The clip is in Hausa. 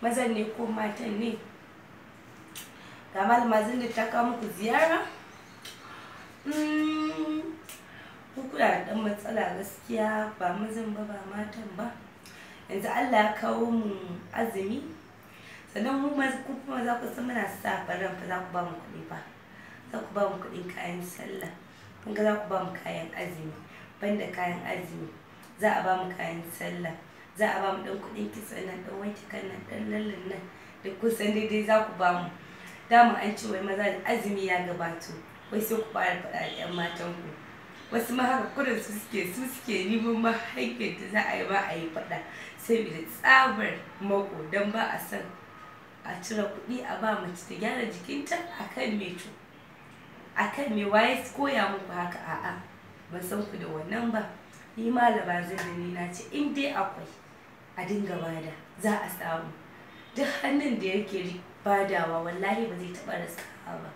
mazan ne ko matan ne ga malama da ta kawo muku ziyara mm, kuna da dan matsala gaskiya ba mazan ba ba matan ba yanzu allah ya kawo mu azumi sannan mu kuma za ku san muna sa faran fa za ku ba mu kuɗi ba za ku ba mu kuɗin kayan sallah kun ga za ku ba mu kayan azumi banda kayan azumi za a ba mu kayan sallah za a ba mu ɗan kuɗin kitsa nan dan wanke kan nan dan lallan nan da kusan daidai za ku ba mu dama an ce wai maza da azumi ya gabato wai sai ku fara faɗa da yan matan ku wasu ma haka kudin su suke su suke neman ma hanyar da za a yi ba a yi faɗa saboda tsabar mako don ba a san a cire kuɗi a ba mace ta gyara jikinta akan me akan me waye koya muku haka a'a ban san ku da wannan ba ni malaba zan ni na ce in dai akwai a dinga bada za a samu duk hannun da yake badawa wallahi ba zai taɓa rasa ba